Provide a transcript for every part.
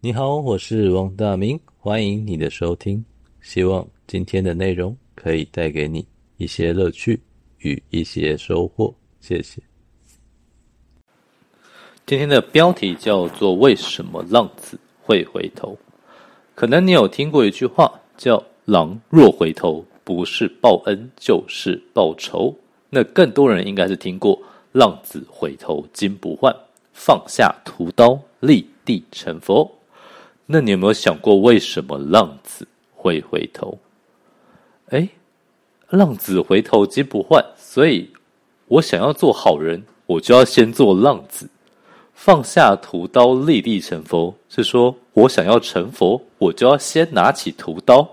你好，我是王大明，歡迎你的收聽。希望今天的內容可以帶給你一些樂趣與一些收穫，謝謝。今天的標題叫做《為什麼浪子會回頭》。可能你有聽過一句話，叫“狼若回頭”。不是報恩就是報仇。那更多人應該是聽過“浪子回頭金不換”，放下屠刀立地成佛。那你有沒有想過，為什麼浪子會回頭？哎，浪子回頭金不換，所以我想要做好人，我就要先做浪子。放下屠刀立地成佛，是說我想要成佛，我就要先拿起屠刀，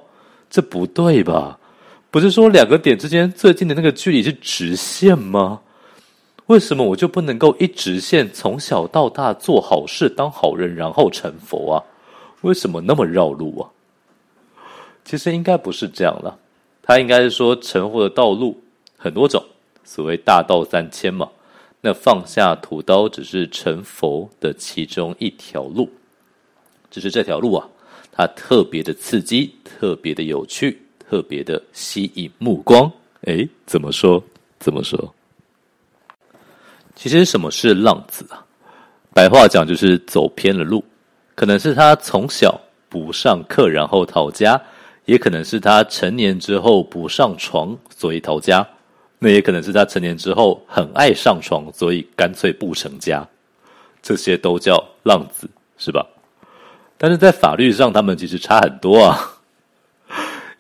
這不對吧？不是說兩個點之間最近的那個距離是直線嗎？為什麼我就不能夠一直線從小到大做好事，當好人，然後成佛啊？為什麼那麼繞路啊？其實應該不是這樣的，他應該是說成佛的道路很多種，所謂大道三千嘛。那放下屠刀只是成佛的其中一條路，只是這條路啊，它特別的刺激，特別的有趣。特別的吸引目光，哎、欸，怎麼說？怎麼說？其實什麼是浪子啊？白話講就是走偏了路，可能是他從小不上課，然後逃家；也可能是他成年之後不上床，所以逃家；那也可能是他成年之後很愛上床，所以乾脆不成家。這些都叫浪子，是吧？但是在法律上，他們其實差很多啊。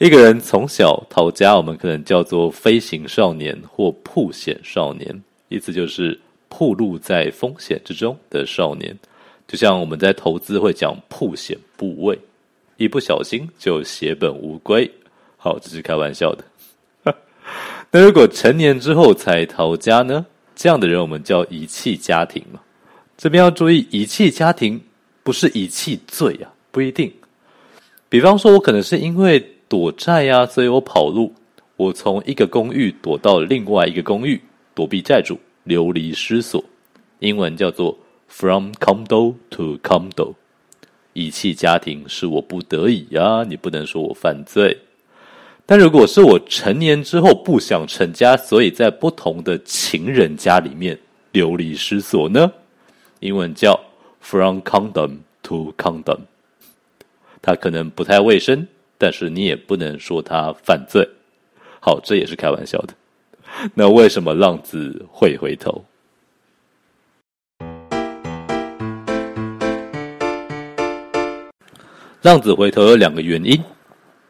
一個人從小逃家，我們可能叫做“飛行少年”或“曝險少年”，意思就是暴露在風險之中的少年。就像我們在投資會講“曝險部位”，一不小心就血本無歸。好，這是開玩笑的。 那如果成年之後才逃家呢？這樣的人我們叫遺棄家庭嘛？這邊要注意，遺棄家庭不是遺棄罪啊，不一定。比方說，我可能是因為。躲債呀、啊，所以我跑路。我從一個公寓躲到另外一個公寓，躲避債主，流離失所。英文叫做 from condo to condo。遺棄家庭是我不得已呀、啊，你不能說我犯罪。但如果是我成年之後不想成家，所以在不同的情人家裡面流離失所呢？英文叫 from condom to condom。它可能不太衛生。但是你也不能說他犯罪，好，這也是開玩笑的。那為什麼浪子會回頭？浪子回頭有兩個原因，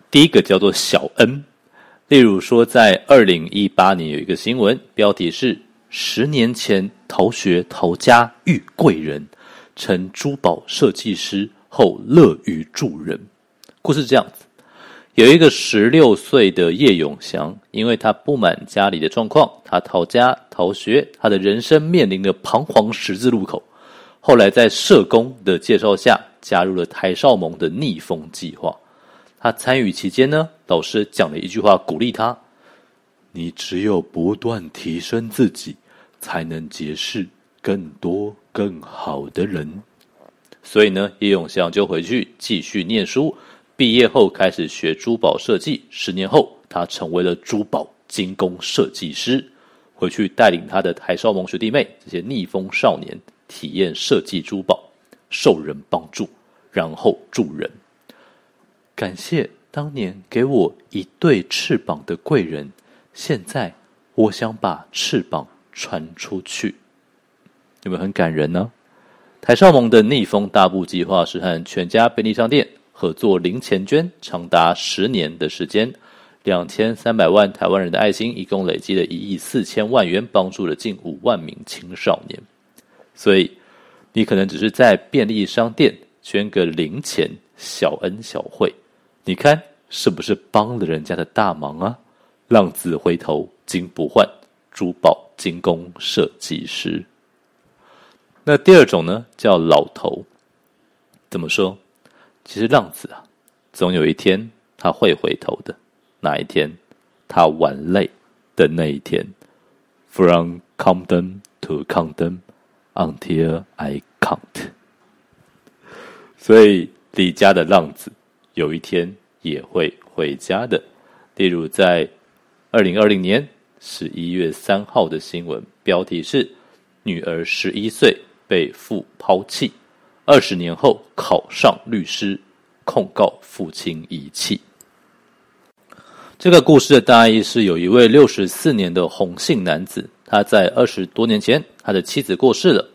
第一個叫做小恩。例如說，在二零一八年有一個新聞，標題是“十年前逃學逃家遇貴人，成珠寶設計師後樂於助人”。故事這樣子。有一個十六歲的葉永祥，因為他不滿家裡的狀況，他逃家、逃學，他的人生面臨着彷徨十字路口。後來在社工的介紹下，加入了台少盟的逆風計劃。他參與期間呢，導師講了一句話鼓勵他：“你只有不斷提升自己，才能結識更多更好的人。”所以呢，葉永祥就回去繼續唸書。畢業後開始學珠寶設計，十年後他成為了珠寶精工設計師。回去帶領他的台少盟學弟妹，這些逆風少年體驗設計珠寶，受人幫助，然後助人。感謝當年給我一對翅膀的貴人，現在我想把翅膀傳出去。有沒有很感人呢啊？台少盟的逆風大步計劃是和全家便利商店。合作零錢捐長達十年的時間，兩千三百萬台灣人的愛心，一共累積了一億四千萬元，幫助了近五萬名青少年。所以，你可能只是在便利商店捐個零錢小恩小惠，你看是不是幫了人家的大忙啊？浪子回頭金不換，珠寶金工設計師。那第二種呢，叫老頭，怎麼說？其實浪子啊，總有一天他會回頭的。哪一天，他玩累的那一天，From condom to condom, until I can't。所以離家的浪子有一天也會回家的。例如在二零二零年十一月三號的新聞，標題是“女兒十一歲被父拋棄”。二十年後考上律師，控告父親遺棄。這個故事的大意是，有一位六十四年的洪姓男子，他在二十多年前，他的妻子過世了，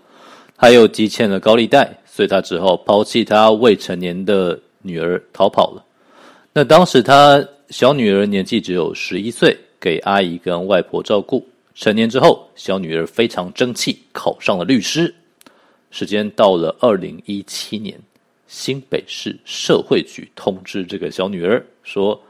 他又積欠了高利貸，所以他只好拋棄他未成年的女兒逃跑了。那當時他小女兒年紀只有十一歲，給阿姨跟外婆照顧。成年之後，小女兒非常爭氣，考上了律師。時間到了二零一七年，新北市社會局通知這個小女兒說：“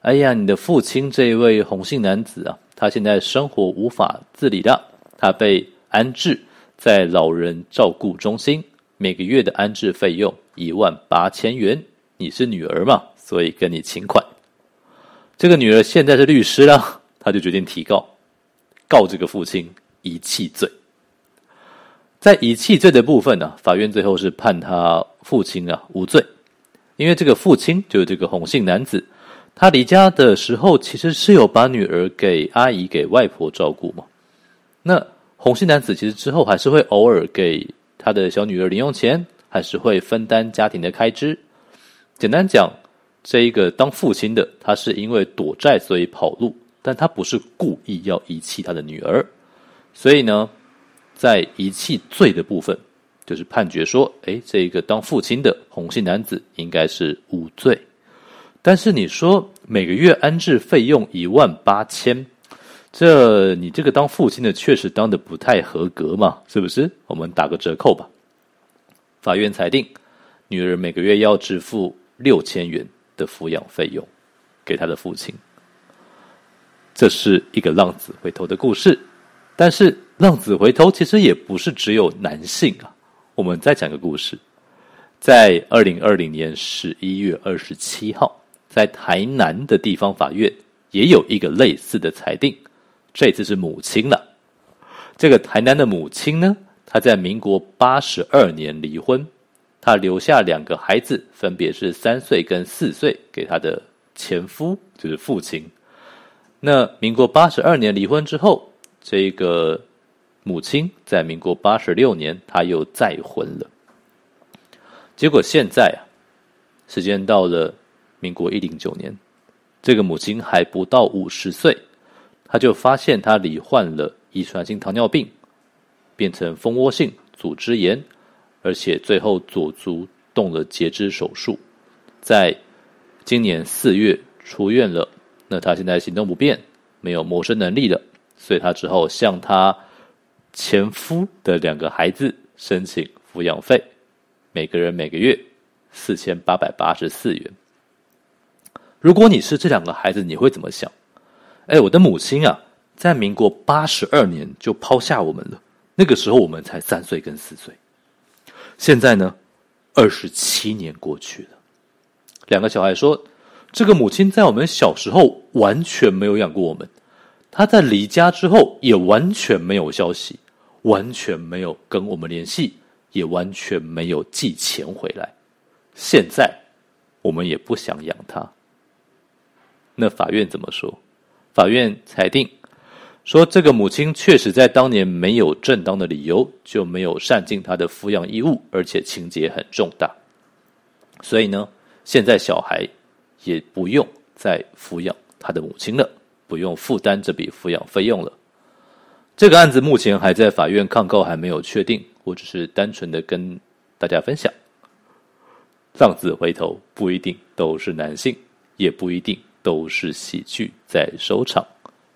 哎呀，你的父親這一位洪姓男子啊，他現在生活無法自理了，他被安置在老人照顧中心，每個月的安置費用一萬八千元。你是女兒嘛，所以跟你請款。”這個女兒現在是律師了，她就決定提告，告這個父親遺棄罪。在遺棄罪的部分呢、啊，法院最後是判他父親啊無罪，因為這個父親就是這個洪姓男子，他離家的時候其實是有把女兒給阿姨、給外婆照顧嘛。那洪姓男子其實之後還是會偶爾給他的小女兒零用錢，還是會分擔家庭的開支。簡單講，這一個當父親的，他是因為躲債所以跑路，但他不是故意要遺棄他的女兒，所以呢。在遺棄罪的部分，就是判決說，哎，這個當父親的紅姓男子應該是無罪。但是你說每個月安置費用一萬八千，這你這個當父親的確實當得不太合格嘛，是不是？我們打個折扣吧。法院裁定，女兒每個月要支付六千元的撫養費用給她的父親。這是一個浪子回頭的故事，但是。浪子回頭其實也不是只有男性啊。我們再講個故事，在二零二零年十一月二十七號，在台南的地方法院也有一個類似的裁定，這次是母親了。這個台南的母親呢，她在民國八十二年離婚，她留下兩個孩子，分別是三歲跟四歲，給她的前夫，就是父親。那民國八十二年離婚之後，這個。母親在民國八十六年，他，又再婚了。結果現在啊，時間到了民國一零九年，這個母親還不到五十歲，他就發現他罹患了遺傳性糖尿病，變成蜂窩性組織炎，而且最後左足動了截肢手術，在今年四月出院了。那他現在行動不便，沒有謀生能力了，所以他之後向他。前夫的兩個孩子聲請扶養費，每個人每個月四千八百八十四元。如果你是這兩個孩子，你會怎麼想？哎，我的母親啊，在民國八十二年就拋下我們了。那個時候我們才三歲跟四歲。現在呢，二十七年過去了，兩個小孩說，這個母親在我們小時候完全沒有養過我們，她在離家之後也完全沒有消息。完全沒有跟我們聯繫，也完全沒有寄錢回來。現在我們也不想養他。那法院怎麼說？法院裁定說，這個母親確實在當年沒有正當的理由，就沒有善盡她的撫養義務，而且情節很重大。所以呢，現在小孩也不用再撫養他的母親了，不用負擔這筆撫養費用了。這個案子目前還在法院抗告，還沒有確定。我只是單純的跟大家分享：浪子回頭不一定都是男性，也不一定都是喜劇在收場。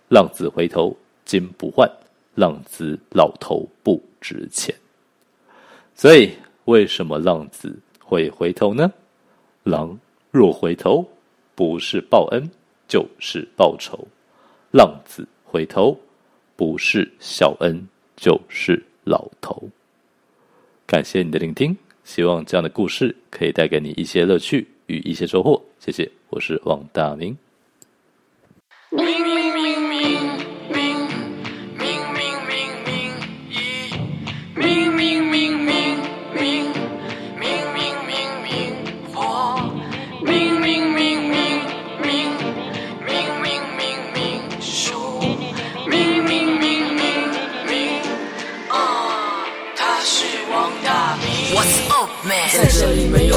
浪子回頭金不換，浪子老頭不值錢。所以，為什麼浪子會回頭呢？狼若回頭，不是報恩，就是報仇。浪子回頭。不是小恩，就是老頭。感謝你的聆聽，希望這樣的故事可以帶給你一些樂趣與一些收穫。謝謝，我是王大明。嗯